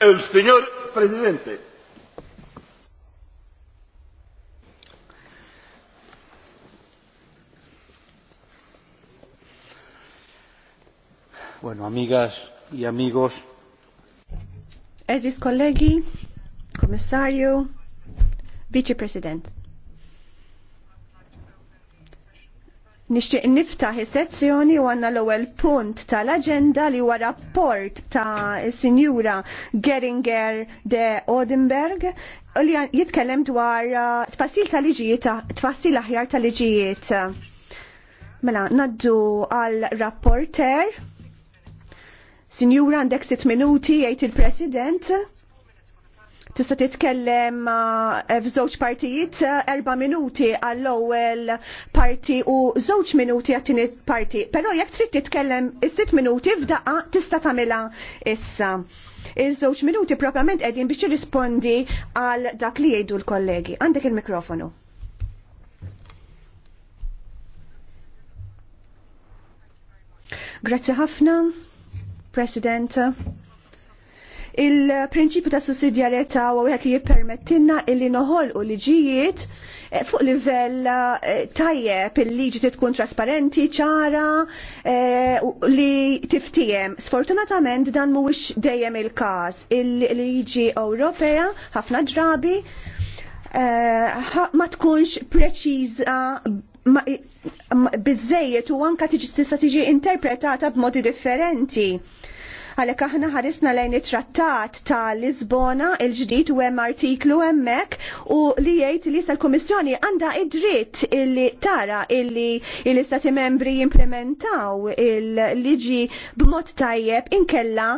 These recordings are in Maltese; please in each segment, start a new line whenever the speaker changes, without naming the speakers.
El señor presidente.
Bueno, amigas y amigos.
Eżis kollegi, komissarju, vicepresident. president Nixtieq niftaħ is-sezzjoni u għandna l-ewwel punt tal-aġenda li huwa rapport ta' sinjura Geringer de Odenberg li jitkellem dwar uh, tfassil tal-liġijiet, tfassil aħjar tal-liġijiet. Mela, naddu għal rapporter. Sinjura għandek sitt minuti jgħid il-President tista' titkellem eh, f'żewġ partijiet eh, erba' minuti għall-ewwel parti u żewġ minuti għat-tieni parti. Però jekk trid titkellem is-sitt minuti f'daqqa tista' tagħmilha issa. Iż-żewġ minuti propjament qegħdin biex tirrispondi għal dak li jgħidu l-kollegi. Għandek il-mikrofonu. Grazzi ħafna, President. Il-prinċipju ta' sussidjarjetà u wieħed li jippermettilna illi noħolqu liġijiet eh, fuq livell eh, tajjeb il-liġi tkun trasparenti, ċara, eh, li tiftijem. Sfortunatament dan mhuwiex dejjem il-każ. Il-liġi Ewropea ħafna drabi ma tkunx preċiża bizzejiet u anka tiġi tista' tiġi interpretata b'modi differenti Għalhekk aħna ħarisna lejn it-trattat ta' Lisbona il-ġdid u hemm artiklu hemmhekk u li jgħid li sa l-Kummissjoni għandha id-dritt illi tara illi l-Istati membri jimplementaw il-liġi b'mod tajjeb inkella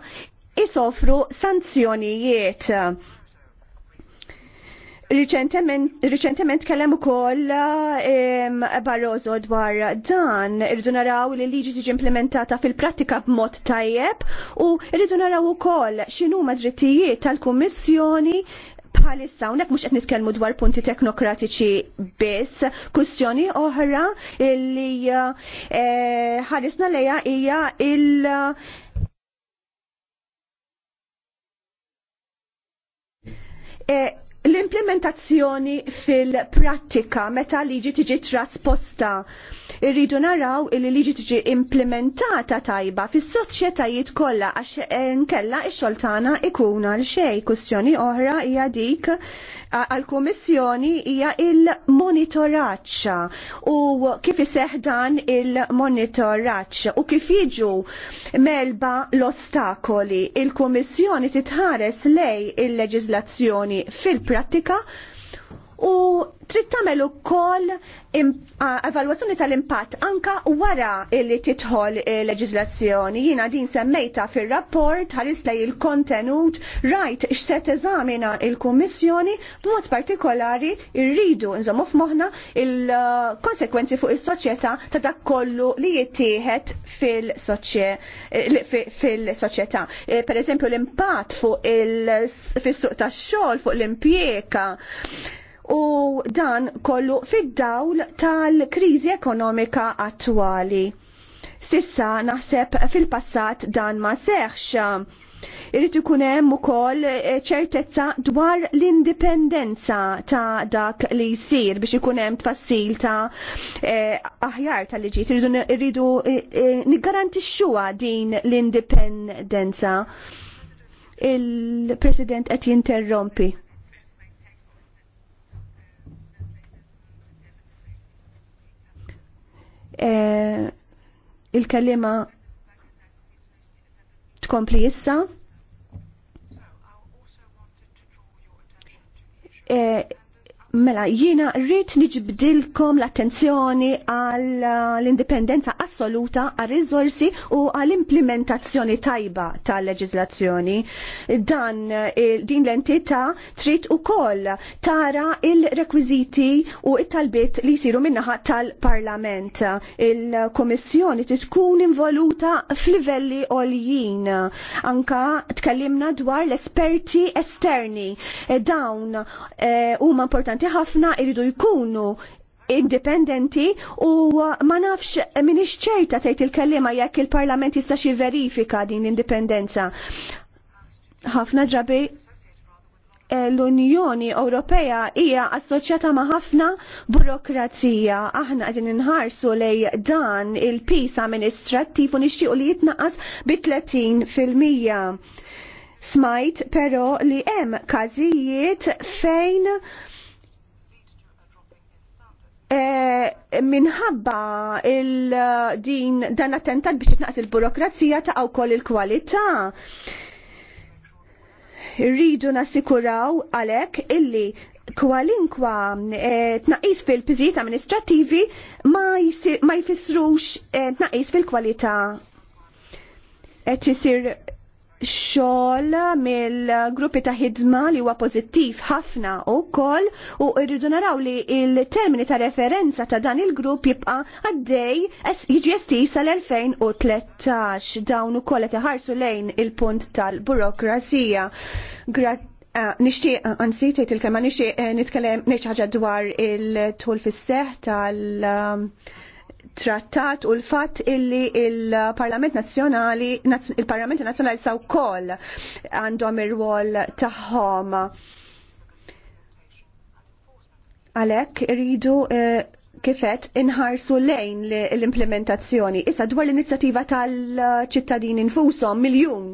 isofru sanzjonijiet Riċentement kellem ukoll Barroso dwar dan, irridu naraw li liġi tiġi implementata fil-prattika b'mod tajjeb u irridu naraw ukoll x'inhuma drittijiet tal-Kummissjoni bħalissa hawnhekk mhux qed nitkellmu dwar punti teknokratiċi biss, kwistjoni oħra li eh, ħarisna lejha hija il- eh, L-implementazzjoni fil-prattika meta liġi tiġi trasposta irridu naraw li liġi tiġi implementata tajba fis-soċjetajiet kollha għax nkella x-xogħol tagħna ikun għal xejn. Kwistjoni oħra hija dik għal-Kummissjoni hija il-monitoraġġ u kif iseħ dan il-monitoraġġ u kif jiġu melba l-ostakoli. Il-Kummissjoni titħares lej il-leġiżlazzjoni fil pratika u trid tagħmel ukoll evalwazzjoni tal-impatt anka wara li titħol leġiżlazzjoni. Jiena din semmejta fir-rapport ħares lej il-kontenut rajt x'set teżamina il-Kummissjoni b'mod partikolari rridu nżommu f'moħħna il-konsekwenzi fuq is-soċjetà ta' dak kollu li jittieħed eh, fil-soċjetà. Eh, per eżempju l-impatt fuq il-suq tax-xogħol fuq l-impjiega u dan kollu fid-dawl tal-kriżi ekonomika attwali. Sissa naħseb fil-passat dan ma seħx. Irrid ikun hemm ukoll eh, ċertezza dwar l-indipendenza ta' dak li jsir biex ikun hemm tfassil ta' eh, aħjar tal-liġijiet irridu eh, eh, niggarantixxuha din l-indipendenza. Il-President qed jinterrompi. Eh, il-kellima tkompli issa. Eh, Mela, jina rrit niġbdilkom l-attenzjoni għall uh, l-indipendenza assoluta għal rizorsi u għall implementazzjoni tajba tal-leġizlazzjoni. Dan eh, din l-entità trid ukoll tara il-rekwiziti u it-talbiet li jsiru minnaħa tal-Parlament. Il-Komissjoni trid tkun involuta f'livelli għoljin. Anka tkellimna dwar l-esperti esterni. Eh, dawn eh, huma importanti importanti ħafna iridu jkunu independenti u ma nafx minix ċerta tgħid il-kellima jekk il-Parlament jista' xi verifika din l-indipendenza. Ħafna ġabi eh, l-Unjoni Ewropea hija assoċjata ma' ħafna burokrazija. Aħna qegħdin inħarsu lej dan il-pis amministrattiv u nixtiequ li jitnaqqas bi 30 fil-mija. Smajt però li hemm każijiet fejn Eh, minħabba il-din dan attentat biex naqs il-burokrazija ta' wkoll il-kwalità. Rridu nassikuraw għalek illi kwalinkwa eh, tnaqis fil pizijiet amministrativi ma jfissrux eh, tnaqis fil-kwalità. Et jisir xogħol mill-gruppi ta' ħidma li huwa pożittiv ħafna wkoll u rridu naraw li il-termini ta' referenza ta' dan il-grupp jibqa' għaddej jiġi estis sal-2013 dawn ukoll qed iħarsu lejn il-punt tal-burokrazija. Nishtiq, anzi, tgħid il-kelma nixtieq eh, nitkellem ngħid ħaġa dwar il-tul fis-seħ tal- trattat u l-fatt illi il-Parlament Nazzjonali, il-Parlament Nazzjonali saw kol għandhom ir-rwol tagħhom. Għalhekk rridu eh, kifet inħarsu lejn l-implementazzjoni. Issa dwar l-inizjattiva tal-ċittadini nfushom miljun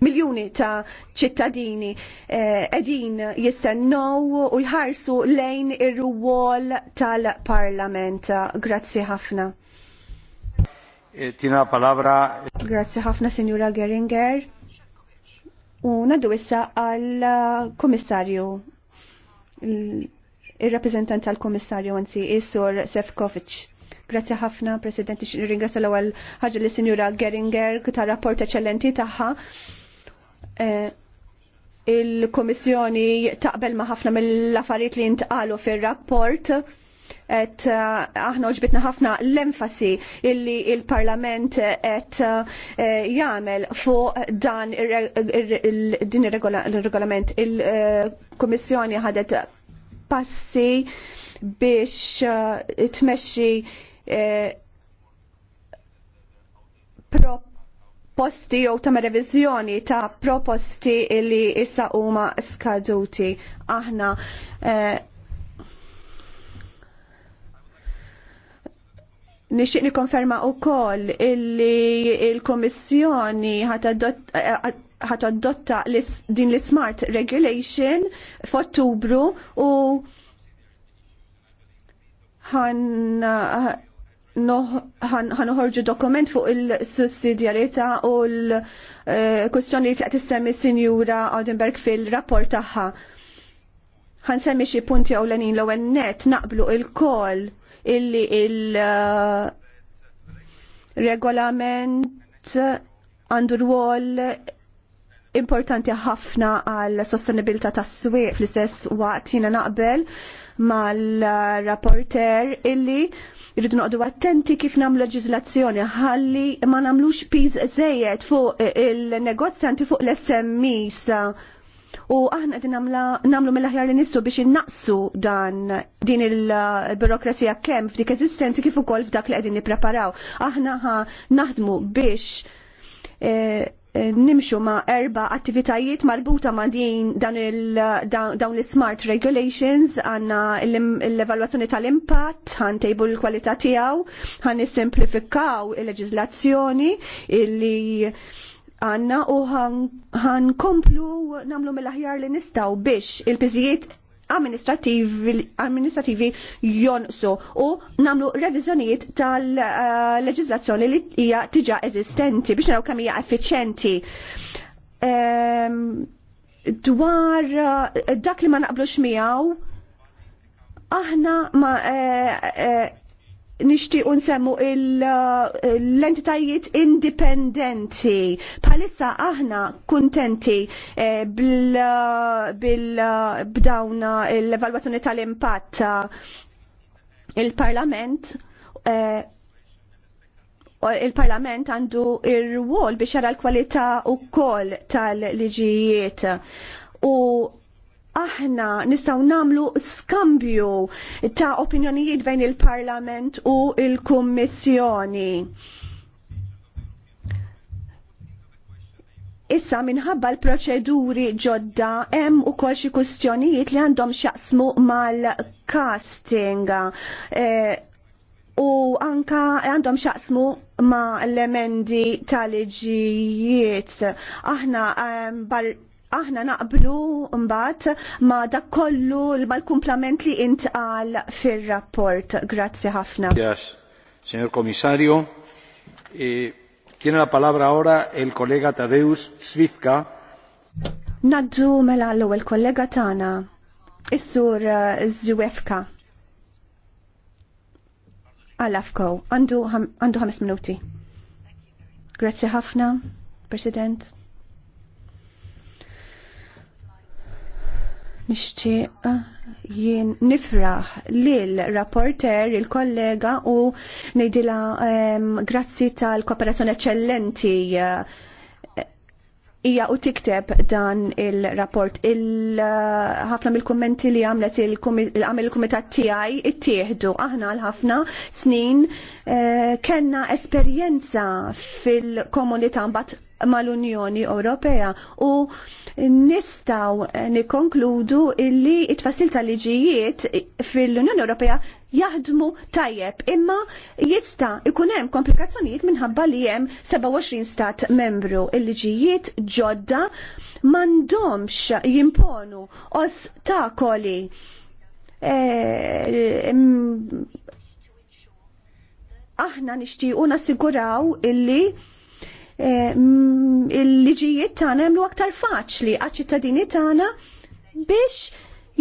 miljuni ta' ċittadini eh, edin jistennow u jħarsu lejn ir-ruwol tal-Parlament. Grazzi ħafna.
Eh, Tina palabra.
Grazzi ħafna, Sinjura Geringer. U naddu issa għal-Komissarju eh, il-rappresentant tal-Komissarju għanzi, Isur Sefkovic. Grazie ħafna, Presidenti, ringrazja l-ewwel ħaġa li Sinjura Geringer ta' rapport eċellenti tagħha Eh, il-Komissjoni taqbel ma' ħafna mill-affarijiet li ntqalu fir-rapport et eh, aħna uġbitna ħafna l-enfasi illi il-Parlament et eh, jagħmel fuq dan din il-regolament il-Komissjoni ħadet passi biex tmexxi prop posti jew ta' revizjoni ta' proposti li issa huma skaduti. Aħna eh, Nixtieq nikkonferma wkoll illi il-Kummissjoni ħat eh, adotta din l-Smart Regulation f'Ottubru u ħan ħanoħorġu dokument fuq il-sussidjarieta u l-kustjoni li tlaqt semmi sinjura Audenberg fil-rapport tagħha. Ħansemmi xi punti ewlenin l-ewwel net naqblu il-kol illi il-regolament għandu rwol importanti ħafna għal sostenibilità tas-swieq fl-istess waqt jiena naqbel mal-rapporter illi Irridu noqdu attenti kif nagħmlu leġizlazzjoni ħalli ma nagħmlux piz zejed fuq il-negozjanti fuq l smis U aħna qegħdin nagħmlu mill-aħjar li nistu biex innaqsu dan din il-birokrazija kemm f'dik eżistenti kif ukoll f'dak li qegħdin nippreparaw. Aħna naħdmu biex eh, Eh, nimxu ma' erba attivitajiet marbuta ma' din dan dawn l-smart regulations għanna l-evaluazzjoni tal-impatt, għan tejbu l-kwalità tiegħu, għan nissimplifikaw il-leġizlazzjoni illi għanna u għan komplu namlu mill-aħjar li nistaw biex il-piżijiet amministrativi jonqsu u namlu reviżjonijiet tal-leġizlazzjoni li hija tiġa eżistenti biex naraw kemm hija effiċjenti. Ehm, dwar eh, dak li ma naqblux miegħu aħna ma eh, eh, nishtiq nsemmu eh, l-entitajiet indipendenti. Palissa aħna kuntenti eh, bil, bdawna eh, l tal-impatt il-parlament il-parlament għandu ir-rwol biex jara l-kwalità u kol tal-liġijiet u aħna nistaw namlu skambju ta' opinjonijiet bejn il-Parlament u il-Kummissjoni. Issa minħabba l-proċeduri ġodda hemm ukoll xi kwistjonijiet li għandhom x'jaqsmu mal-casting e, u anka għandhom x'aqsmu ma l-emendi tal-liġijiet. Aħna aħna naqblu mbagħad ma dak kollu mal-kumplament li intqal fir-rapport. Grazzi ħafna.
Yes. Signor Commissario, eh, tiene la palabra ora il kollega Tadeusz Svitka.
Naddu mela l-ewwel kollega tagħna, is-sur eh, Zwefka. Alafko. għandu ħames minuti. Grazzi ħafna, President. nixtieq eh, jien nifraħ lil rapporter il-kollega u ngħidilha um, grazzi tal-kooperazzjoni eċċellenti eh, hija u tikteb dan il-rapport. Il-ħafna mill kommenti li għamlet il-għamil il-kumitat it-tieħdu. aħna l-ħafna snin eh, kellna esperjenza fil-komunità mbat mal-Unjoni Ewropea u nistaw nikonkludu illi it-tfassil tal-liġijiet fil-Unjoni Ewropea jaħdmu tajjeb, imma jista ikun hemm komplikazzjonijiet minħabba li hemm 27 stat membru il-liġijiet ġodda m'għandhomx jimponu ostakoli e, aħna nixtiequ nassiguraw illi Eh, mm, il-liġijiet tagħna jagħmlu aktar faċli għaċ-ċittadini tagħna biex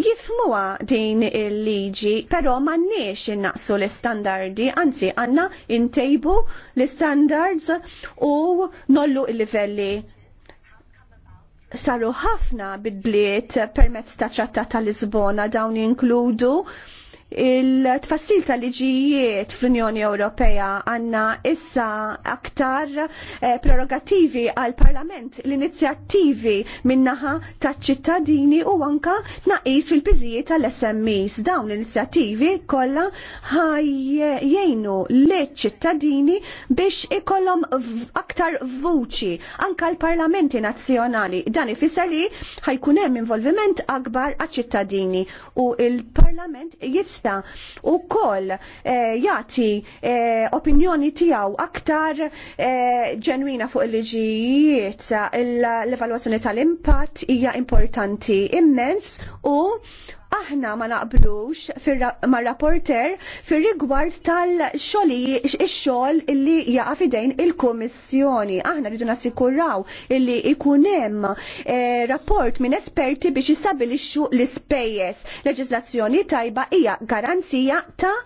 jifmuha din il-liġi, però m'għandniex innaqsu l-istandardi, anzi għandna intejbu l-istandards u nollu l-livelli saru ħafna bidliet permezz ta' ċatta ta' Lisbona dawn jinkludu il-tfassil tal-liġijiet fl-Unjoni Ewropea għanna issa aktar eh, prerogativi għal parlament l-inizjattivi minnaħa ta' ċittadini u anka naqis fil-piżijiet tal-SMEs. Dawn l-inizjattivi kollha jgħinu l-ċittadini biex ikollhom aktar vuċi anka l-parlamenti nazzjonali. Dan ifisser li ħajkun hemm involviment akbar għaċ-ċittadini u il-parlament jista' jista u koll eh, jati eh, opinjoni tijaw aktar eh, ġenwina fuq il-liġijiet l-evaluazzjoni tal-impatt hija importanti immens u aħna ma naqblux ma' rapporter fir rigward tal-xoli xol illi jaqa fidejn il-Komissjoni. Aħna rridu nasikurraw illi ikunem eh, rapport minn esperti biex jistabilixxu l-ispejjeż. Leġislazzjoni tajba hija garanzija ta'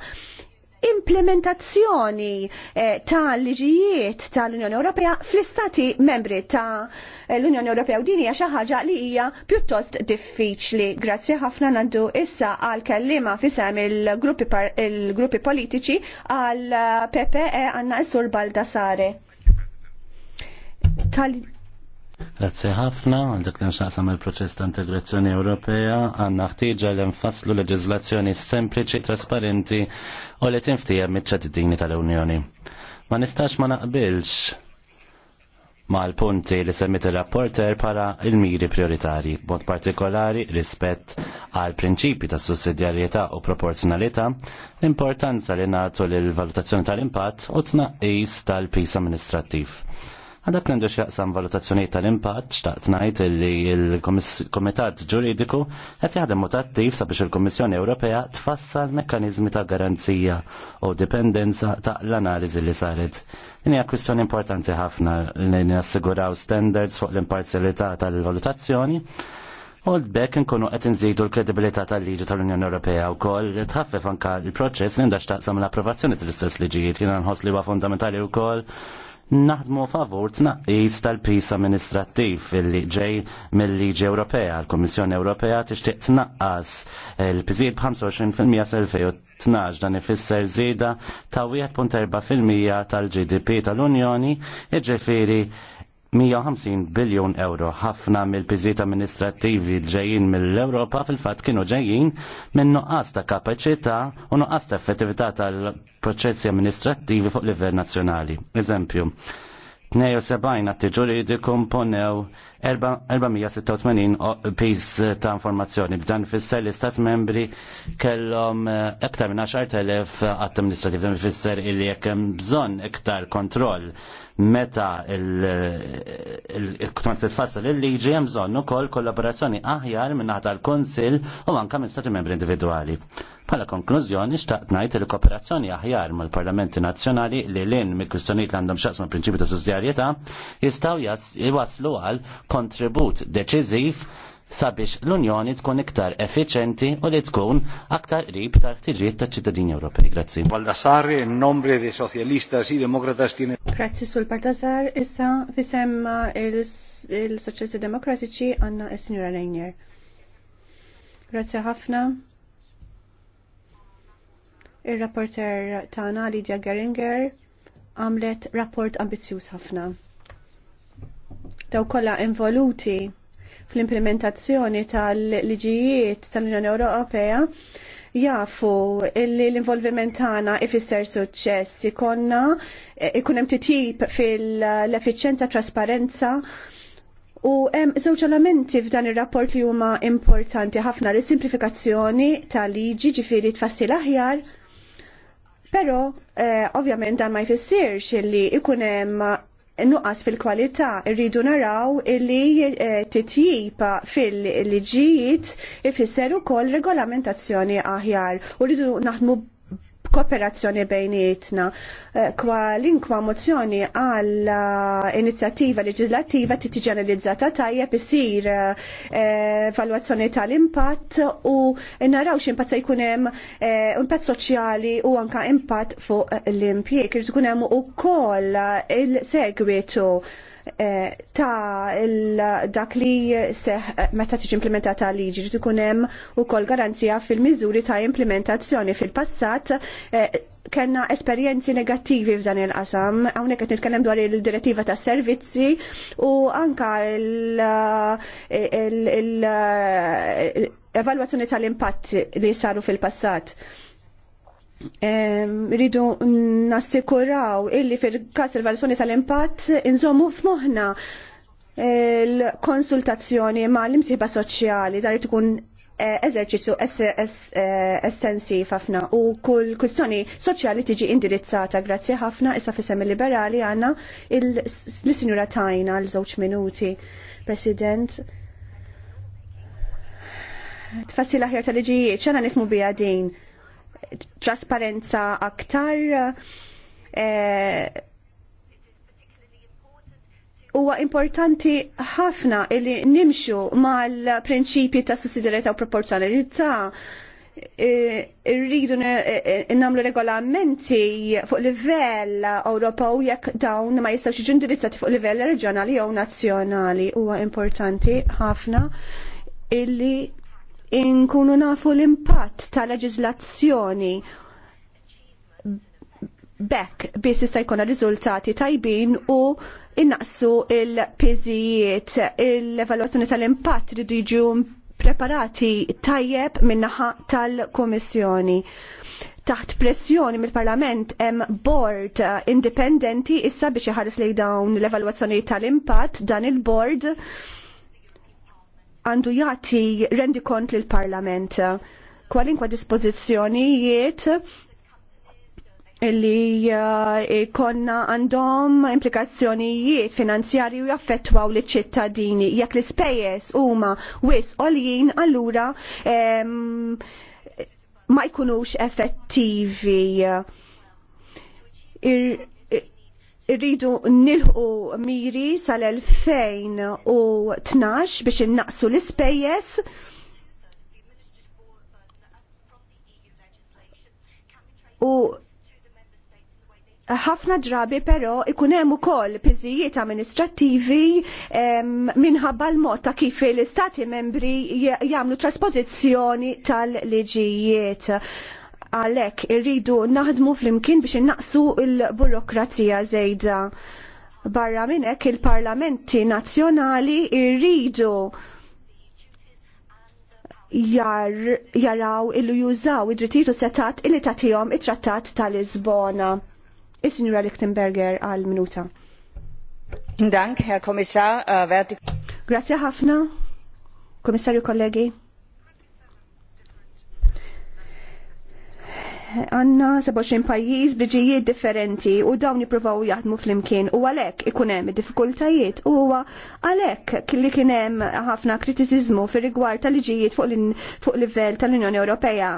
implementazzjoni eh, ta' liġijiet ta' l-Unjoni Ewropea fl-istati membri ta' l-Unjoni Ewropea u din hija xi ħaġa li hija pjuttost diffiċli. Grazzi ħafna nandu issa għal kellima fisem il-gruppi politiċi għal PPE għanna e s-sur e Baldassare. Tal
Grazzi ħafna, għandek li nxaqsam il-proċess ta' integrazzjoni Ewropea, għanna ħtieġa li nfasslu leġizlazzjoni sempliċi, trasparenti u li tinftija mit-ċattitini tal-Unjoni. Ma nistax ma naqbilx ma l-punti li semmit il-rapporter para il-miri prioritari, bot partikolari rispett għal prinċipi ta' sussidjarjetà u proporzjonalità, l-importanza li natu l-valutazzjoni tal-impatt u tnaqqis tal-pis amministrattiv Għadak nendu xaqsam valutazzjoni tal-impatt xtaqt najt li il-Komitat Ġuridiku għet jgħadem mutattiv sabiex il-Komissjoni Ewropea tfassal mekkanizmi ta' garanzija u dipendenza ta' l-analizi li saret. Din hija kwistjoni importanti ħafna li nassiguraw standards fuq l-imparzjalità tal-valutazzjoni U l-bekk nkunu qed nżidu l-kredibilità tal-liġi tal-Unjoni Ewropea wkoll tħaffef anka l-proċess li ndax taqsam l-approvazzjoni tal-istess liġijiet jiena nħos li huwa fundamentali wkoll naħdmu favur tnaqqis tal-pis amministrattiv illi ġej mill-liġi Ewropea. L-Kommissjoni Ewropea tixtieq tnaqqas il-piżijiet b'25% sal-2012 dan ifisser żieda ta' 1.4% tal-GDP tal-Unjoni, iġifieri 150 biljon euro. Ħafna mill-piżiet amministrattivi ġejjin mill-Ewropa fil-fatt kienu ġejjin minn nuqqas ta' kapaċità u nuqqas ta' effettività tal-proċessi amministrattivi fuq livell nazzjonali. Eżempju, 72 atti ġuridi komponew 486 piż ta' informazzjoni. B'dan fisser li stat membri kellhom iktar eh, minn 10,000 atti amministrativi dan fisser illi jekk hemm bżonn iktar kontroll meta il t tfassal il-liġi hemm bżonn ukoll kollaborazzjoni aħjar minna tal l-Kunsill u anke minn stati membri individwali. Bħala konklużjoni xtaqt ngħid il kooperazzjoni aħjar mal-Parlamenti Nazzjonali li l-in mi kwistjonijiet li għandhom x'aqs mal-prinċipju ta' sussidjarjetà jistgħu jwaslu għal kontribut deċiżiv sabiex l-Unjoni tkun iktar efficienti u li tkun aktar qrib tal ħtiġijiet tal ċittadini Ewropej. Grazzi. Baldassarri, in nombre di Socialistas i Demokratas tiene
Grazzi sul Partazar, issa fisemma il soċċessi Demokratiċi għanna il-Sinjura Lejnier. Grazzi ħafna. Il-rapporter tana Lidia Geringer għamlet rapport ambizjuż ħafna. Daw kollha involuti fl-implementazzjoni tal-liġijiet tal-Unjoni Ewropea jafu li l-involviment tagħna ifisser suċċess ikonna eh, ikun hemm titjib fil-effiċjenza trasparenza U hemm żewġ elementi f'dan ir-rapport li huma importanti ħafna l simplifikazzjoni tal-liġi ġifieri tfassil aħjar. Però eh, ovvjament dan ma jfissirx li ikun hemm nuqqas fil-kwalità rridu naraw illi eh, titjipa fil-liġijiet ifisser ukoll regolamentazzjoni aħjar u rridu naħdmu kooperazzjoni bejnietna. Eh, Kwalinkwa mozzjoni għal eh, inizjattiva leġislattiva tiġi analizzata tajjeb isir eh, valwazzjoni tal-impatt u naraw x'impatt se jkun hemm impatt soċjali u anka impatt fuq l-impjieg. Irid ikun u koll il-segwitu Eh, ta' dak li seħ eh, meta tiġi implementata liġi li tkun hemm ukoll garanzija fil-miżuri ta' implementazzjoni fil-passat eh, kellna esperjenzi negattivi f'dan il-qasam, hawnhekk qed nitkellem dwar il-direttiva tas servizzi u anka l-evalwazzjoni tal-impatt li saru fil-passat rridu nassikuraw illi fil-kas il-valsoni tal-impatt inżommu f'moħna l-konsultazzjoni ma l-imsiba soċjali dar tkun eh, eżerċizzju eh, estensiv ħafna u kull kwistjoni soċjali tiġi indirizzata grazzi ħafna issa fisem il liberali għandna l-sinjura tajna l żewġ minuti. President, tfassi l-aħjar tal-liġijiet, ċana nifmu bija din trasparenza aktar eh, huwa importanti ħafna li nimxu mal-prinċipji ta' sussidjarjetà u proporzjonalità. Irridu e, e, nagħmlu regolamenti fuq livell Ewropa u jekk dawn ma jistgħux jiġu indirizzati fuq livell reġjonali jew nazzjonali huwa importanti ħafna illi inkunu nafu l-impatt ta' leġizlazzjoni bekk biss jista' jkun riżultati tajbin u innaqsu il-piżijiet il-evalwazzjoni tal-impatt ridu jiġu preparati tajjeb min-naħa tal-Komissjoni. Taħt pressjoni mill-Parlament hemm board indipendenti issa biex iħares lejn dawn l-evalwazzjoni tal-impatt dan il-board għandu jati rendikont l parlament kwalinkwa dispozizjonijiet li eh, konna għandhom implikazzjonijiet finanzjari u jaffettwaw li ċittadini. Jekk l-ispejjeż huma wis għoljin, allura ehm, ma jkunux effettivi irridu nilħu miri sal-2012 biex innaqsu l-ispejjes u ħafna drabi però ikun hemm ukoll piżijiet amministrattivi minħabba l-mod ta' kif l-istati membri jagħmlu trasposizzjoni tal-liġijiet għalhekk irridu naħdmu flimkien biex innaqsu il-burokrazija żejda. Barra minn hekk il-parlamenti nazzjonali irridu jar, jaraw illu jużaw id-drittijiet u setat illi tatihom it-trattat tal-Lisbona. Is-Sinjura Lichtenberger għal minuta. Dank, Herr Kommissar, uh, Grazie ħafna, Kommissarju kollegi. għanna 27 pajjiż biġijiet differenti u dawn jipruvaw jaħdmu fl-imkien u għalek ikunem diffikultajiet u għalek li kienem ħafna kritizizmu fir rigward tal-liġijiet fuq livell tal-Unjoni Ewropea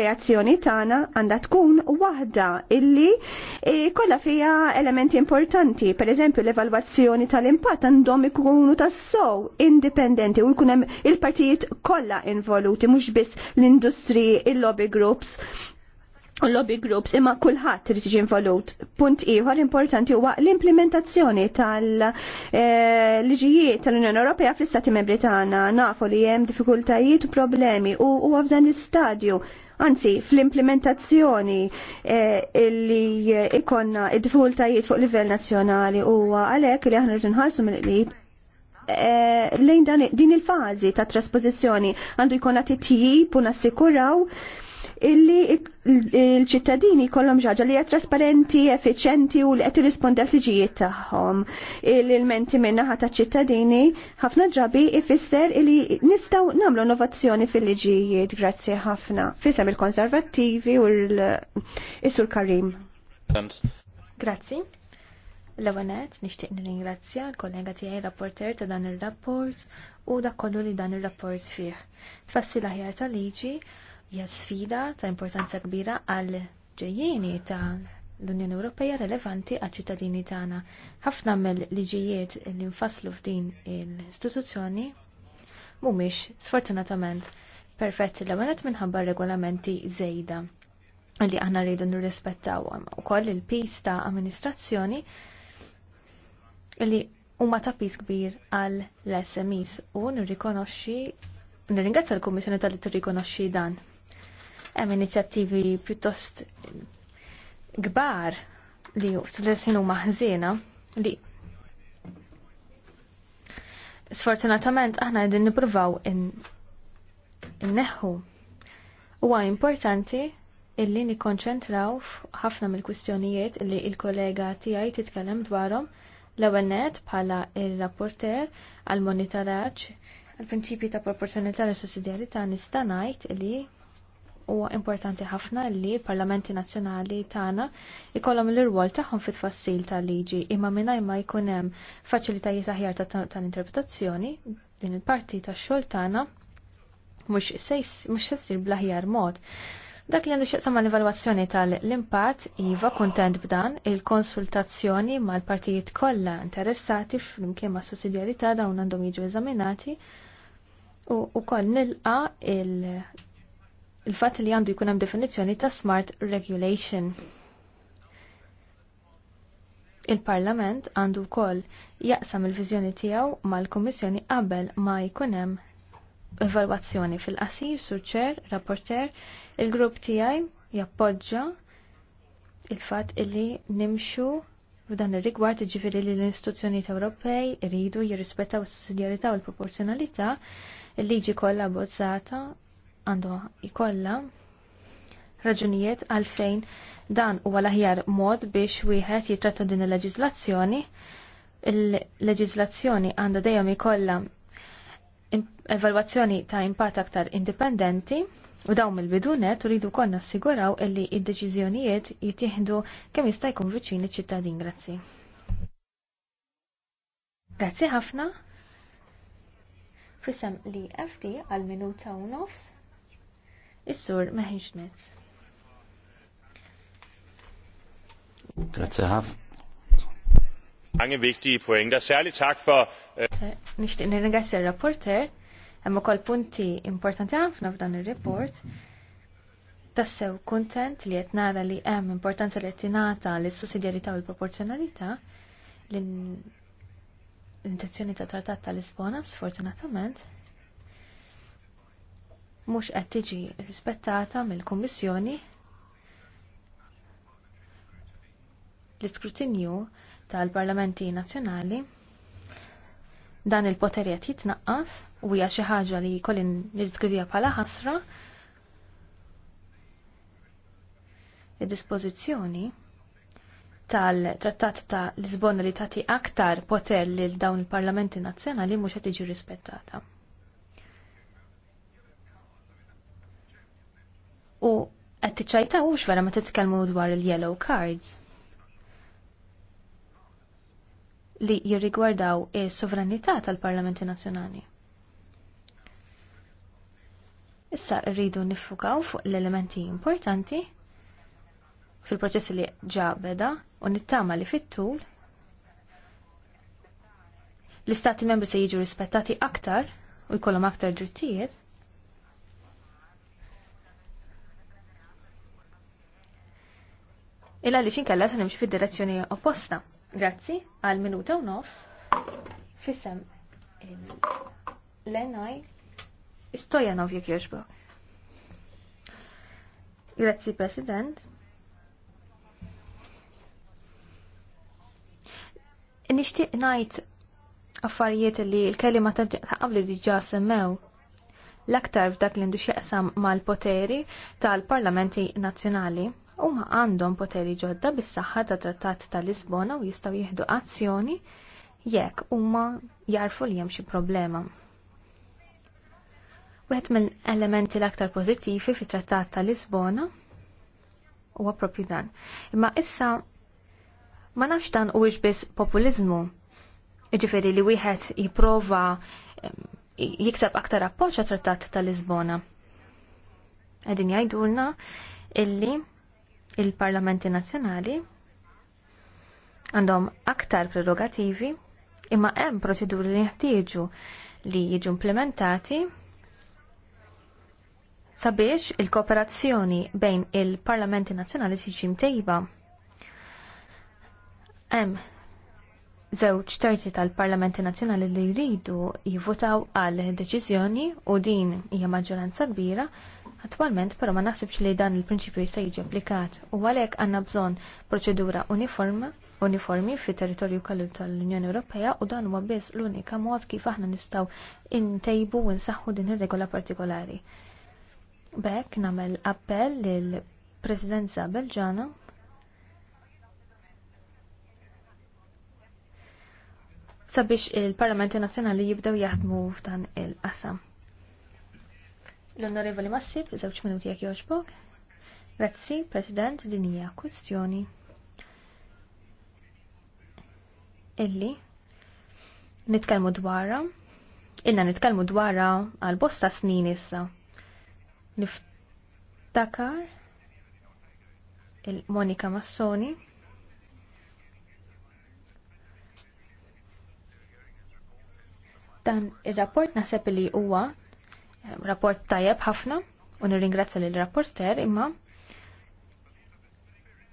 reazzjoni tagħna għandha tkun waħda illi e, kollha fiha elementi importanti, pereżempju l-evalwazzjoni tal-impatt għandhom ikunu tas-sow indipendenti u jkun hemm il-partijiet kollha involuti mhux biss l-industri, il-lobby groups lobby groups imma kulħadd trid tiġi involut. Punt ieħor importanti huwa l-implementazzjoni tal-liġijiet tal-Unjoni Ewropea fl-Istati Membri tagħna nafu li hemm diffikultajiet u problemi u huwa f'dan l-istadju Anzi, fl-implementazzjoni eh, li ikonna id-difultajiet fuq livell nazzjonali huwa għalhekk li aħna rridu nħarsu mill-qrib eh, lejn din il-fazi ta' trasposizjoni għandu jkun għati tijib u nassikuraw illi il-ċittadini kollom ġaġa li għed trasparenti, effiċenti u li għed risponda fl-ġijiet taħħom. Il-menti minna ħata ċittadini ħafna ġabi ifisser illi nistaw namlu innovazzjoni fil liġijiet grazzi ħafna. Fisem il-konservativi u l-Isur Karim. Grazzi. L-għanet, nishtiq nir l-kollega tijaj rapporter
ta' dan il-rapport u da kollu li dan il-rapport fih. Tfassi laħjar tal-liġi hija sfida ta' importanza kbira għal ġejjieni ta' l-Unjoni Ewropea relevanti għal ċittadini tagħna. Ħafna mill-liġijiet li nfasslu f'din l-istituzzjoni mhumiex sfortunatament perfetti l għanet minħabba regolamenti żejda li aħna rridu nirrispettaw ukoll il-pis ta' amministrazzjoni li huma ta' pis kbir għal l-SMEs u nirrikonoxxi nirringrazzja l-Kummissjoni tal-li tirrikonoxxi dan hemm inizjattivi pjuttost kbar li fil huma ħżiena li sfortunatament aħna qegħdin nippruvaw inneħħu. Huwa importanti illi nikkonċentraw ħafna mill-kwistjonijiet li il-kollega tiegħi titkellem dwarhom l-ewwel net bħala ir-rapporter għal monitoraġġ għall prinċipji ta' proporzjonalità u sussidjarjetà nista' ngħid li huwa importanti ħafna li l-Parlamenti Nazzjonali tagħna ikollhom l-irwol tagħhom fit-tfassil tal-liġi imma mingħajr ma jkun hemm faċilitajiet aħjar tal-interpretazzjoni din il-parti tax-xogħol tagħna mhux se jsir bl-aħjar mod. Dak li għandu xieqsam mal evalwazzjoni tal-impatt, Iva kontent b'dan, il-konsultazzjoni mal-partijiet kollha interessati flimkien ma' sussidjarità dawn għandhom jiġu eżaminati u wkoll nilqa il-fatt li għandu jkun hemm definizzjoni ta' smart regulation. Il-Parlament għandu wkoll jaqsam il-viżjoni tiegħu mal-Kummissjoni qabel ma jkun hemm evalwazzjoni fil-qasir sur rapporter, il-grupp tiegħi jappoġġa il-fatt illi nimxu F'dan ir-rigward iġifieri li l-istituzzjonijiet Ewropej iridu jirrispettaw is-sussidjarjetà u l-proporzjonalità, il-liġi kollha abbozzata għandu jkollha raġunijiet għalfejn dan huwa l-aħjar mod biex wieħed jitratta din il-leġiżlazzjoni. Il-leġiżlazzjoni għandha dejjem ikollha evalwazzjoni ta' impatt aktar indipendenti u dawn mill-bidunet uridu wkoll nassiguraw illi id-deċiżjonijiet jittieħdu kemm jista' jkun viċin iċ-ċittadin. Grazzi. Grazzi ħafna. Fisem li FD għal minuta u nofs. Is-sur Mahin Schmitz.
Grazie ħaf.
Mange viktige poeng. særlig tak for... Øh,
in nirringrazzja il-rapporter, hemm ukoll punti importanti ħafna f'dan ir-report tassew kuntent li qed nara li hemm importanza li qed tingħata lis sussidjarjetà u l-proporzjonalità l-intenzjoni ta' Trattat ta' Lisbona sfortunatament mhux qed tiġi rispettata mill-Kummissjoni l-iskrutinju tal-Parlamenti Nazzjonali dan il-poteri qed jitnaqqas u hija xi ħaġa li kollin niddiskrivija bħala ħasra id-dispożizzjoni tal-Trattat ta' Lisbona li tagħti aktar poter lil dawn il-Parlamenti Nazzjonali mhux qed tiġi rispettata. U qed tiċċajtawx vera ma titkellmu dwar il-yellow cards li jirrigwardaw is-sovranità tal-Parlamenti Nazzjonali. Issa rridu nifukaw fuq l-elementi importanti fil-proċess li ġabeda u nittama li fit-tul l-istati membri se jiġu rispettati aktar u jkollhom aktar drittijiet illa li xinkella se nimx fid-direzzjoni opposta. Grazzi għal minuta u nofs fissem l-enaj Stojanov jek joġbu. Grazzi, President. Nishtiq najt affarijiet li l-kelima ta' qabli diġa semmew l-aktar f'dak li ndu xieqsam mal-poteri tal-parlamenti nazzjonali huma għandhom poteri ġodda bis-saħħa ta' Trattat ta' Lisbona u jistgħu jieħdu azzjoni jekk huma jarfu li hemm xi problema. Wieħed mill-elementi l-aktar pożittivi fit-Trattat ta' Lisbona huwa proprju dan. Imma issa ma nafx dan huwiex biss populiżmu. Jiġifieri li wieħed jipprova jiksab aktar appoġġ għat-Trattat ta' Lisbona. Qegħdin jgħidulna illi il-parlamenti nazzjonali għandhom aktar prerogativi imma hemm proċeduri li jeħtieġu li jiġu implementati sabiex il-kooperazzjoni bejn il-parlamenti nazzjonali tiġi mtejba. Hemm żewġ terzi tal-Parlamenti Nazzjonali li jridu jivvotaw għal deċiżjoni u din hija maġġoranza kbira Attualment però ma naħsibx li dan il-prinċipju jista' jiġi applikat u għalhekk għandna bżonn proċedura uniforma uniformi fit territorju kollu tal-Unjoni Ewropea u dan huwa biss l-unika mod kif aħna nistgħu ntejbu u nsaħħu din ir-regola partikolari. B'hekk nagħmel appell lill Presidenza Belġana sabiex il-Parlamenti Nazzjonali jibdew jaħdmu f'dan il-qasam. L-Onorevoli Massib, żewġ minuti jekk jogħġbok. Grazzi, President, din hija kwestjoni illi nitkellmu dwarha, ilna nitkellmu dwarha għal bosta snin issa. Niftakar il-Monika Massoni dan ir-rapport naħseb li huwa rapport tajjeb ħafna u nirringrazzja lill rapporter imma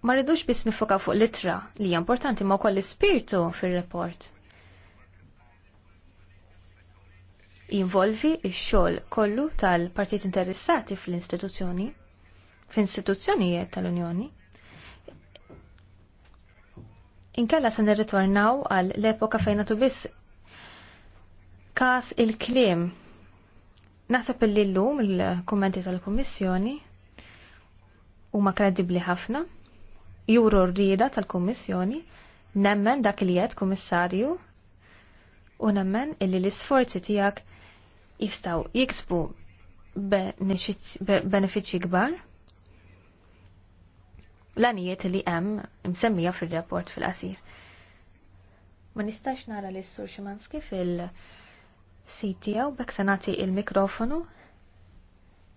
ma rridux biss nifoka fuq litra li hija importanti ma wkoll l-ispirtu fir-report. Jinvolvi x-xogħol kollu tal-partit interessati fl-istituzzjoni, fl-istituzzjonijiet tal-Unjoni. Inkella se nirritornaw għal l-epoka fejn biss każ il-kliem Naħseb li l-lum il-kommenti tal-Kommissjoni huma kredibbli ħafna, juru rrieda tal-Kommissjoni, nemmen dak li jgħid Kummissarju u nemmen illi l-isforzi tiegħek jistgħu jiksbu benefiċċji kbar. L-anijiet li hemm msemmija fir-rapport fil-qasir. Ma nistax nara li s-sur ximanski fil-, -fil CTO, bek nagħti il-mikrofonu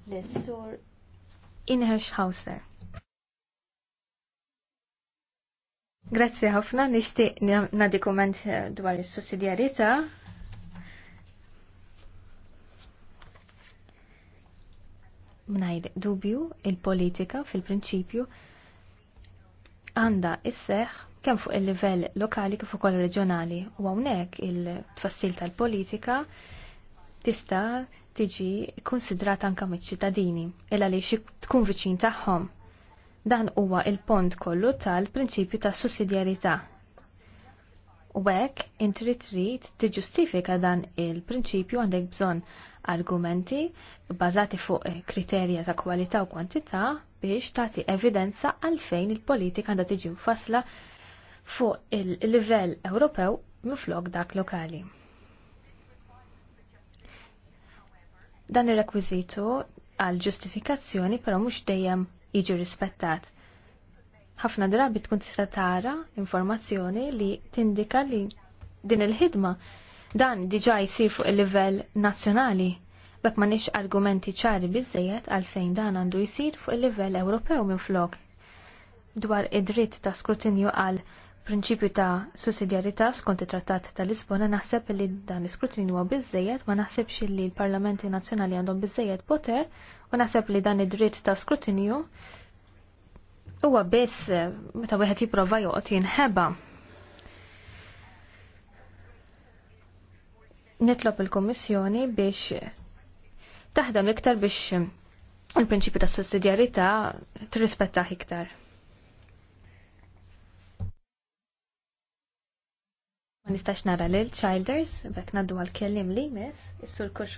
l-sur Hauser. Grazzi ħafna, Nixtieq nadi komment eh, dwar is-sussidjarjetà. Mnajr dubju il-politika fil-prinċipju għanda isseħ kemm fuq il-livell lokali kif ukoll reġjonali u hawnhekk il-tfassil tal-politika tista' tiġi konsidrata anke miċ-ċittadini il għaliex tkun viċin tagħhom. Dan huwa il-pont kollu tal-prinċipju ta' sussidjarjetà. U hekk inti trid tiġġustifika dan il-prinċipju għandek bżonn argumenti bbażati fuq kriterja ta' kwalità u kwantità biex tagħti evidenza għalfejn il-politika għandha tiġi mfassla fuq il-livell Ewropew miflok dak lokali. Dan ir-rekwiżitu għal ġustifikazzjoni però mhux dejjem jiġi rispettat. Ħafna drabi tkun tista' tara informazzjoni li tindika li din il-ħidma dan diġà jsir fuq il-livell nazzjonali bekk ma nix argumenti ċari biżejjed għalfejn dan għandu jsir fuq il-livell Ewropew minn flok dwar id-dritt ta' skrutinju għal prinċipju ta' sussidjarità skont it-Trattat ta' Lisbona naħseb li dan l-iskrutinju huwa biżżejjed ma naħsebx li l-Parlamenti Nazzjonali għandhom biżżejjed poter u naħseb li dan id-dritt ta' skrutinju huwa biss eh, meta wieħed jipprova joqgħod jinħeba. Nitlob il-Kummissjoni biex taħdem iktar biex il-prinċipju ta' sussidjarità tirrispettaħ iktar. Ma nistax nara lil Childers, bekk naddu għal-kellim li mis, issur kux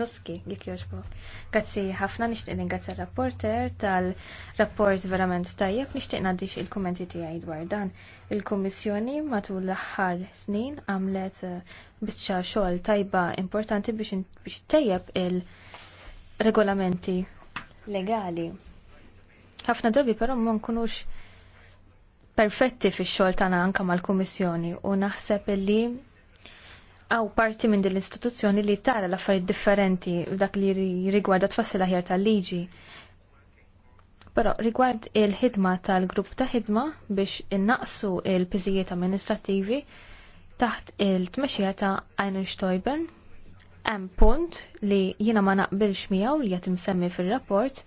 nuski għik joġbu. Grazzi ħafna nixtieq ningrazzja rapporter tal-rapport verament tajjeb nixtieq ngħaddix il-kummenti tiegħi dwar dan. Il-Kummissjoni matul l-aħħar snin għamlet eh, biċċa xogħol tajba importanti biex tajjeb tejjeb il-regolamenti legali. Ħafna drabi però ma nkunux perfetti fix-xogħol tagħna anke mal-Kummissjoni u naħseb li għaw parti minn din l-istituzzjoni li tara l-affarijiet differenti dak li rigwarda tfassil aħjar tal-liġi. Però rigward il-ħidma tal-grupp ta' ħidma biex innaqsu il-piżijiet amministrativi taħt il tmexija ta' Einun Stoiben, hemm punt li jiena ma naqbilx miegħu li qed imsemmi fir-rapport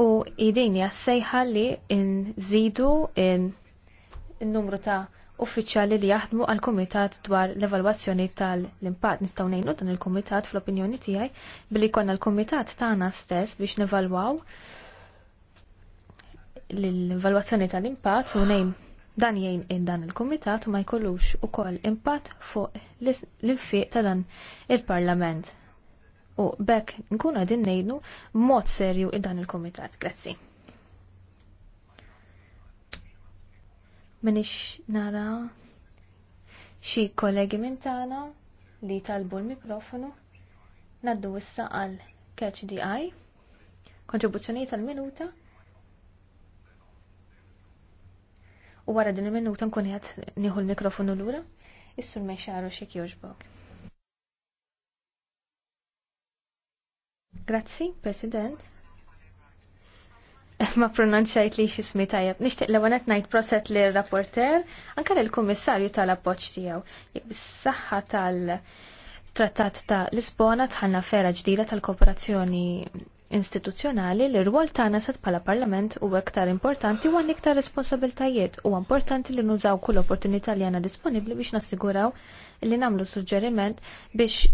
u idin jassejħa li nżidu n-numru ta' uffiċjali li jaħdmu għal kumitat dwar l-evalwazzjoni tal-impatt nistgħu ngħidu dan il-kumitat fl-opinjoni tiegħi billi jkollna l-kumitat tagħna stess biex nevalwaw l-evalwazzjoni tal-impatt u nejn dan jgħin in dan il-kumitat u ma jkollux ukoll impatt fuq l-infiq ta' dan il-Parlament. U bekk nkun għadin nejdu mod serju id-dan il-komitat. Grazzi. Menix nara xi kollegi minn tagħna li talbu l-mikrofonu naddu issa għal catch di għaj kontribuzzjoni tal-minuta u wara din il-minuta nkun qed nieħu l-mikrofonu lura is-sur mexxaru xie jogħġbok. Grazzi, President. Ma pronunċajt li xismi tajab. Nishtiq l għanet najt proset li rapporter anka l-Komissarju tal-appoċ tijaw. Jek bis tal-Trattat ta' Lisbona tħalna fera ġdida tal-kooperazzjoni istituzzjonali li rwol tagħna sed bħala Parlament huwa iktar importanti u iktar responsabiltajiet u importanti li nużaw kull opportunità li għandna disponibbli biex nassiguraw li nagħmlu suġġeriment biex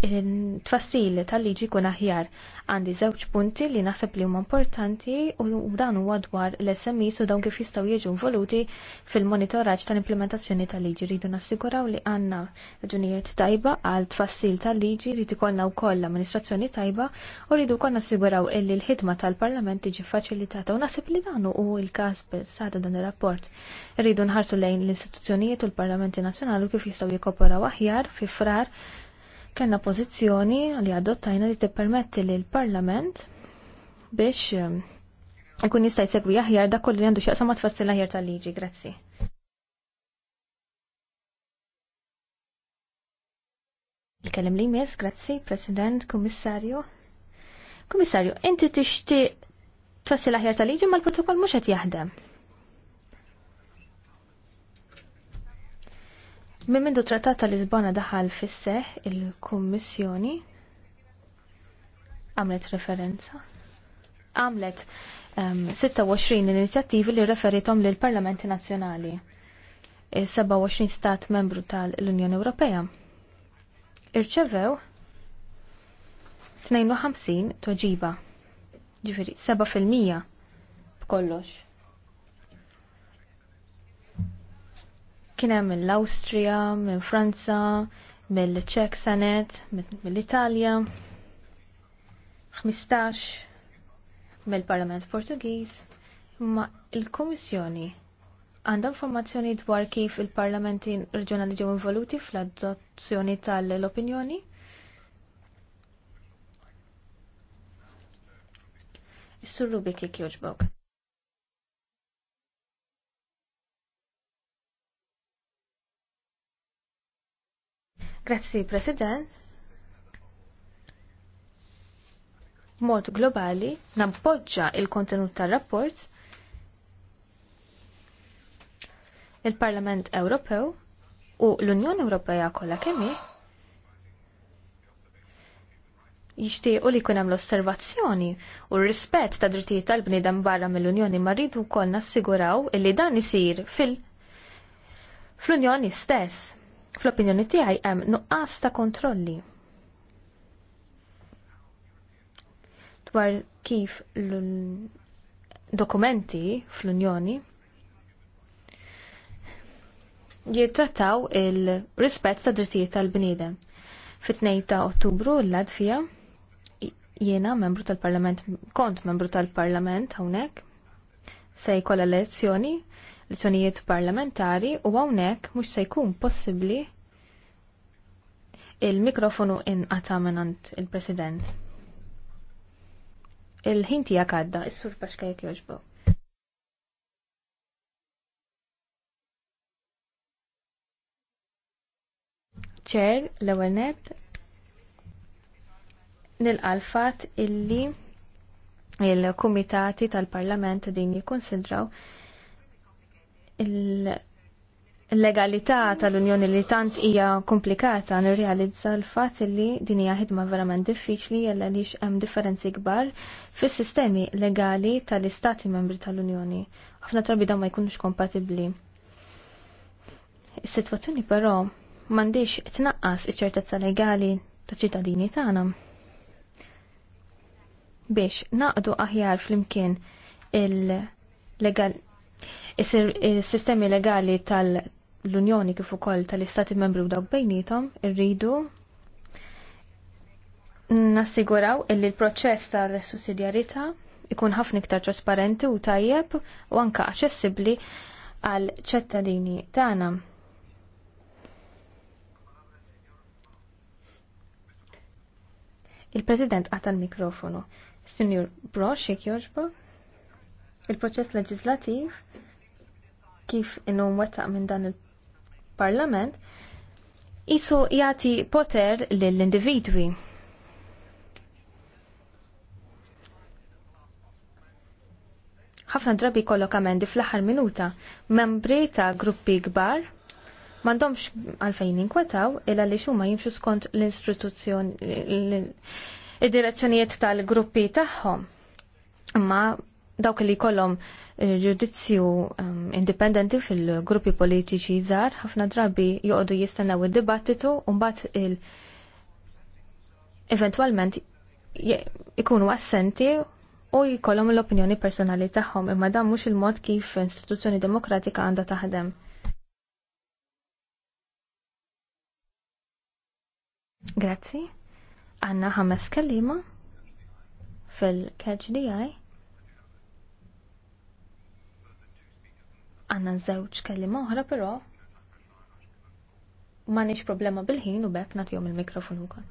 tfassili tal-liġi jkun aħjar. Għandi żewġ punti li naħseb li huma importanti u dan huwa dwar l-SMEs u dawn kif jistgħu jiġu involuti fil-monitoraġġ tal-implementazzjoni tal-liġi. Rridu nassiguraw li għandna raġunijiet tajba għal tfassil tal-liġi rridu ikollna wkoll l-amministrazzjoni tajba u rridu wkoll nassiguraw li l-ħidma tal-Parlament tiġi faċilitata u naħseb li dan u l każ sada dan ir-rapport. Rridu nħarsu lejn l-istituzzjonijiet u l-Parlamenti Nazzjonali kif jistgħu jikkooperaw aħjar frar, fi frar, kellna pożizzjoni li adottajna li tippermetti li l-Parlament biex ehm, ikun jista' jsegwi aħjar dak kollu li għandu x'jaqsam ma tfassil aħjar tal-liġi. Grazzi. Il-kellem li jmiss, grazzi, President, Kummissarju. Kummissarju, inti tixti tfassil aħjar tal-liġi ma l-protokoll mhux qed jaħdem. Minn mindu trattat ta' Lisbona daħal fis il-Kummissjoni għamlet referenza għamlet 26 ehm, inizjattivi li referitom lil parlamenti nazzjonali. 27 e stat membru tal-Unjoni Ewropea. Irċevew 52 toġiba, ġifiri 7% b'kollox. Kien hemm mill-Awstrija, minn Franza, mill-Ċek sanet, mill-Italja, 15 mill-Parlament Portugiż, ma il-Kummissjoni għandha informazzjoni dwar kif il-parlamenti reġjonali ġew involuti fl-adozzjoni tal-opinjoni? Is-sur Rubik jek Grazzi, President. Mod globali, nampoġġa il-kontenut tal-rapport il-Parlament Ewropew u l-Unjoni Ewropea kollha kemmi jixtiequ li jkun hemm l-osservazzjoni u r-rispett ta' drittijiet tal-bniedem barra mill-Unjoni ma rridu wkoll nassiguraw li dan isir fil- fl-Unjoni stess fl-opinjoni tiegħi hemm nuqqas ta' kontrolli dwar kif dokumenti fl-Unjoni jittrattaw il-rispett ta' drittijiet tal-bniedem. Fit-2 ta' Ottubru l-Latvija jiena membru tal-Parlament kont membru tal-Parlament hawnhekk se jkollha elezzjoni elezzjonijiet parlamentari u hawnhekk mhux se jkun possibbli il-mikrofonu inqata' minant il-President. Il-ħin tiegħek għadda, is-sur Paxka jekk jogħġbok. ċer l-ewwel nett nilqa' fatt illi il-kumitati tal-Parlament din jikkonsidraw il-legalità tal-Unjoni li tant hija komplikata nirrealizza l-fatt li din hija ħidma verament diffiċli jella li hemm differenzi kbar fis-sistemi legali tal-istati membri tal-Unjoni. Ħafna drabi dan ma jkunux kompatibbli. Is-sitwazzjoni però m'għandix tnaqqas iċ-ċertezza legali ta' ċittadini tagħna. Biex naqdu aħjar flimkien il-legal Is-sistemi eh, legali tal-Unjoni kif ukoll tal-Istati membri u dawk bejnietom irridu nassiguraw illi l-proċess tal-sussidjarità ikun ħafna iktar trasparenti u tajjeb u anka aċċessibbli għal ċittadini tagħna. Il-President għata l-mikrofonu. Sinjur Brosh, jek joġbo? Il-proċess leġislativ kif inhu wettaq minn dan il-Parlament isu jagħti poter lill-individwi. ħafna drabi kollok amendi fl-aħħar minuta membri ta' gruppi kbar m'għandhomx għalfejn inkwetaw illa li xumma jimxu skont l-istituzzjoni id-direzzjonijiet tal-gruppi tagħhom. Ma dawk li kollom eh, ġudizzju ehm, indipendenti fil-gruppi politiċi żgħar ħafna drabi joqogħdu jistennew id-dibattitu u mbagħad il eventwalment ikunu assenti u jkollhom l-opinjoni personali tagħhom imma dan mhux il-mod kif istituzzjoni demokratika għandha taħdem. Grazzi. Għanna ħames kellima fil kgdi għanna żewġ kellim oħra però m'għandniex problema bil-ħin u bekk nagħtihom il-mikrofon ukoll.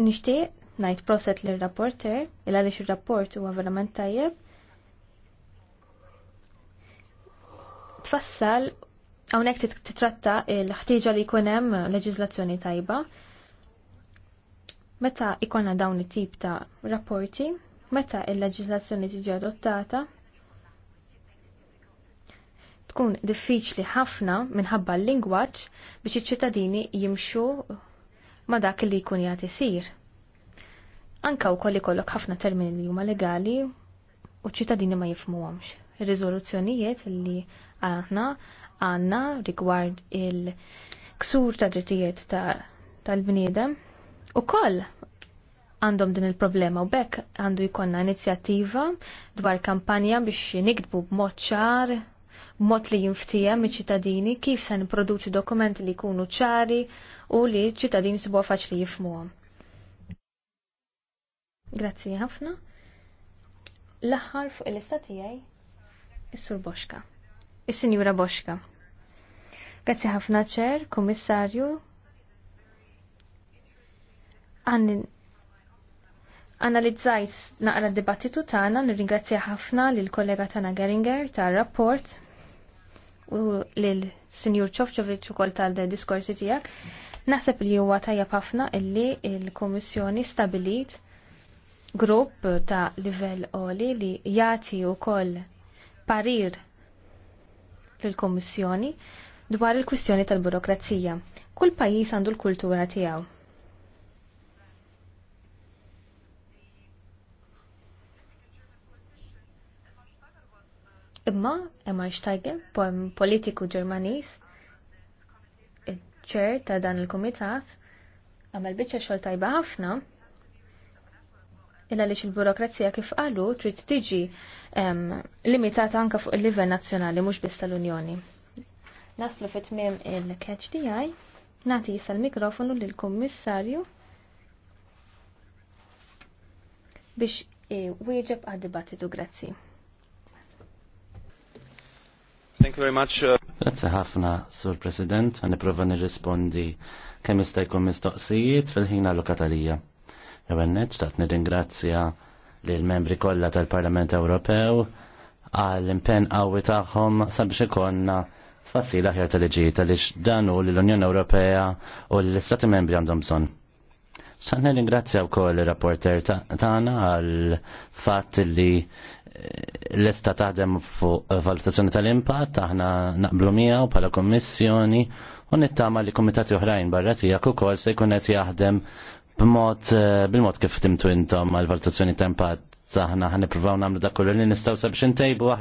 Nixtieq ngħid proset lir rapporter il għaliex ir-rapport huwa verament tajjeb. Tfassal hawnhekk titratta l-ħtieġa li jkun hemm leġiżlazzjoni tajba Meta ikonna dawn it-tip ta' rapporti, meta il-leġislazzjoni tiġi adottata, tkun diffiċli ħafna minħabba l-lingwaġġ biex iċ-ċittadini jimxu ma dak li jkun jagħti isir. Anka wkoll ikollok ħafna termini li huma legali u ċittadini ma jifmuhomx. Ir-riżoluzzjonijiet li aħna għandna rigward il-ksur ta' drittijiet tal-bniedem ta u koll għandhom din il-problema u bekk għandu jkonna inizjattiva dwar kampanja biex nikdbu b'mod ċar, b'mod li jinftija miċ-ċittadini kif se nipproduċu dokumenti li jkunu ċari u li ċ-ċittadini sibuha faċli jifmuhom. Grazzi ħafna. L-aħħar fuq il-lista tiegħi is-Sur Boxka. Is-Sinjura Boxka. Grazzi ħafna ċer, komissarju, Analizzajt naqra d-dibattitu tagħna nirringrazzja ħafna lil kollega tagħna Geringer tar-rapport u lil Sinjur Ċovċovic ukoll tal-diskorsi tiegħek. Naħseb li huwa tajjeb ħafna illi l-Kummissjoni stabilit grupp ta' livell oli li jagħti wkoll parir lill-Kummissjoni dwar il-kwistjoni tal-burokrazija. Kull pajjiż għandu l-kultura tiegħu. Imma Emma Steiger, politiku Ġermaniż, ċer ta' dan il-kumitat, għamel biċċa xogħol tajba ħafna, illa lix il-burokrazija kif qalu trid tiġi limitata anke fuq il-livell nazzjonali mhux biss tal-Unjoni. Naslu fit tmiem il-catch DI, nagħti jisa l-mikrofonu lill kummissarju biex wieġeb għad-dibattitu grazzi.
Thank you very much. Uh,
Grazie ħafna, Sur President, għan niprofa nirrispondi kemm jista' jkun mistoqsijiet fil-ħin allokatalija. nett taqt nirringrazzja lill membri kollha tal-Parlament Ewropew għall impenn qawwi tagħhom sabiex ikonna tfassil aħjar tal-liġijiet għaliex dan hu l-Unjoni Ewropea u l-Istati Membri għandhom bżonn. Sanna ringrazzja wkoll ir rapporter tagħna għal fatt li l-esta taħdem fuq valutazzjoni tal-impatt, aħna naqblu miegħu bħala kommissjoni u nittama li komitati oħrajn barra tiegħek ukoll se jkun qed jaħdem b'mod eh, bil-mod kif timtu intom għal valutazzjoni tal impatt taħna ħan nipruvaw namlu dak kollu li nistgħu sabiex intejbu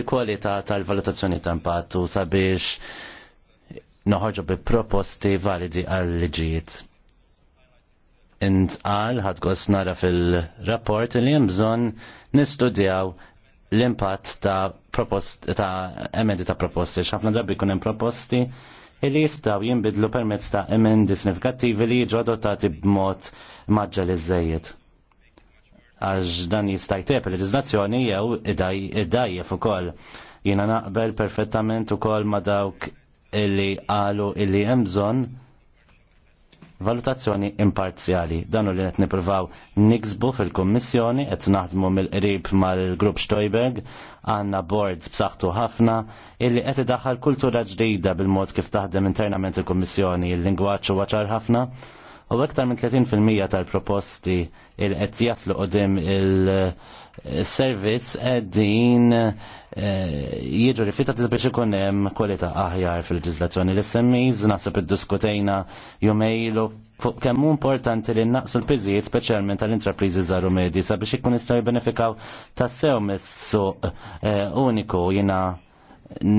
il-kwalità tal-valutazzjoni tal impatt u sabiex noħorġu bi proposti validi għal liġijiet intqal ħad gost nara fil-rapport li hemm bżonn nistudjaw l-impatt ta' propost ta' emendi ta' proposti. X'ħafna drabi jkun hemm proposti li jistgħu jinbidlu permezz ta' emendi sinifikattivi li jiġu adottati b'mod li iżejjed. Għax dan jista' jtep il-leġiżlazzjoni jew id-dajjef ukoll. Jiena naqbel perfettament ukoll ma' dawk illi qalu illi hemm bżonn valutazzjoni imparzjali. Danu li qed nippruvaw niksbu fil-Kummissjoni qed naħdmu mill-qrib mal-Grupp Stoiberg għandna board b'saħħtu ħafna illi qed daħal kultura ġdida bil-mod kif taħdem internament il-Kummissjoni il lingwaċu għacħar ċar ħafna u aktar minn 30% tal-proposti il qed jaslu qudiem il-servizz qegħdin eh, jiġu rifjutati biex ikun hemm kwalità aħjar fil-leġiżlazzjoni l semmiż naħseb iddiskutejna jumejlu fuq kemm importanti li naqsu l-piżijiet speċjalment tal-intrapriżi żaru medji sabiex ikun jistgħu jbenefikaw tassew mis-suq eh, uniku jiena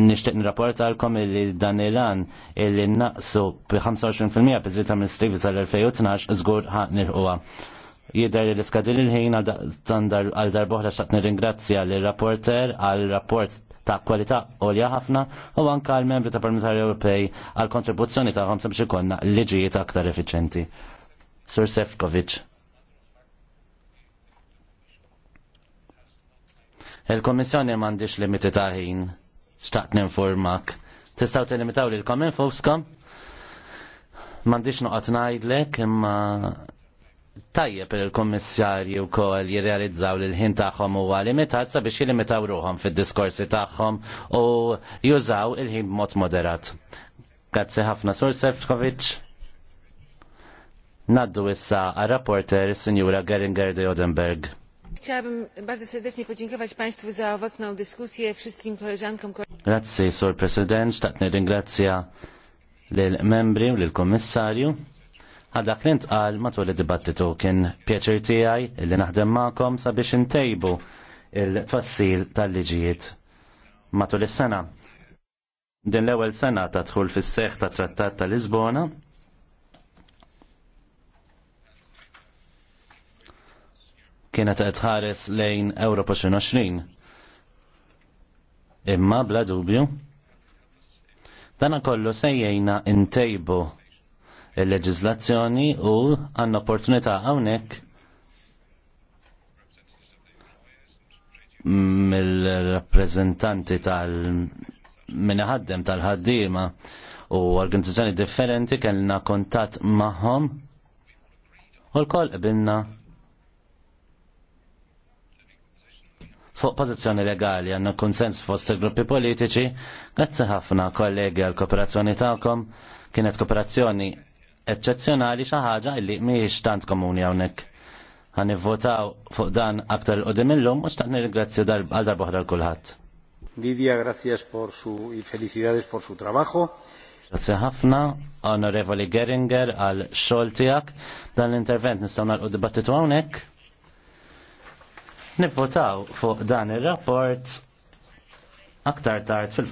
nishtiq nirrapporta għalkom illi dan il-an illi naqsu bi 25% bizzita minn stigli tal-2012 zgur ħan nirħuwa. Jider li l-iskadil il-ħin għal darboħla xaqt nir-ingrazzja l-rapporter għal-rapport ta' kwalità olja ħafna u anka għal membri ta' Parlamentari Ewropej għal kontribuzzjoni ta' ħomsa biex ikonna liġijiet aktar effiċenti. Sur Sefkovic. Il-Komissjoni mandiġ limiti ta' ħin xtaqt ninformak. Tistaw telimitaw li l-kom infoskom? Mandiċ nuqat najdlek imma tajjeb il-kommissarju kol jirrealizzaw li l-ħin tagħhom huwa limitat sabiex jilimitaw ruhom fid-diskorsi tagħhom u jużaw il-ħin b'mod moderat. Grazzi ħafna Sur Sefcovic. Naddu issa għal rapporter Sinjura Geringer de Odenberg.
Chciałabym bardzo serdecznie podziękować Państwu za owocną dyskusję, wszystkim koleżankom.
Grazie, Sor President, xtaqni ringrazzja l-membri u l-Kommissarju. Għadak li ntqal matul id-dibattitu kien pjaċir tiegħi li naħdem magħkom sabiex intejbu il-tfassil tal-liġijiet matul is-sena. Din l-ewwel sena ta' tħul fis-seħħ ta' Trattat tal Lisbona, kienet qed ħares lejn Ewropa 2020. Imma bla dubju, dana kollu sejjejna intejbu il-leġizlazzjoni u għanna opportunità hawnhekk mill-rappreżentanti tal ħaddem tal-ħaddiema u organizzazzjoni differenti kellna kontatt magħhom u l-koll qbilna fuq pożizzjoni legali għandna konsens fost il-gruppi politiċi. Grazzi ħafna kollegi għal kooperazzjoni tagħkom. Kienet kooperazzjoni eċċezzjonali xi ħaġa li mhijiex tant komuni hawnhekk. Għan votaw fuq dan aktar qudiem illum u xtaqni l-grazzi għal darba l kulħadd. Lidia, grazzi por su i felicidades por su trabajo. Grazie ħafna, Onorevoli Geringer, għal xol tijak. Dan l-intervent nistawna l dibattitu għawnek nivvotaw fuq dan ir rapport aktar tard fil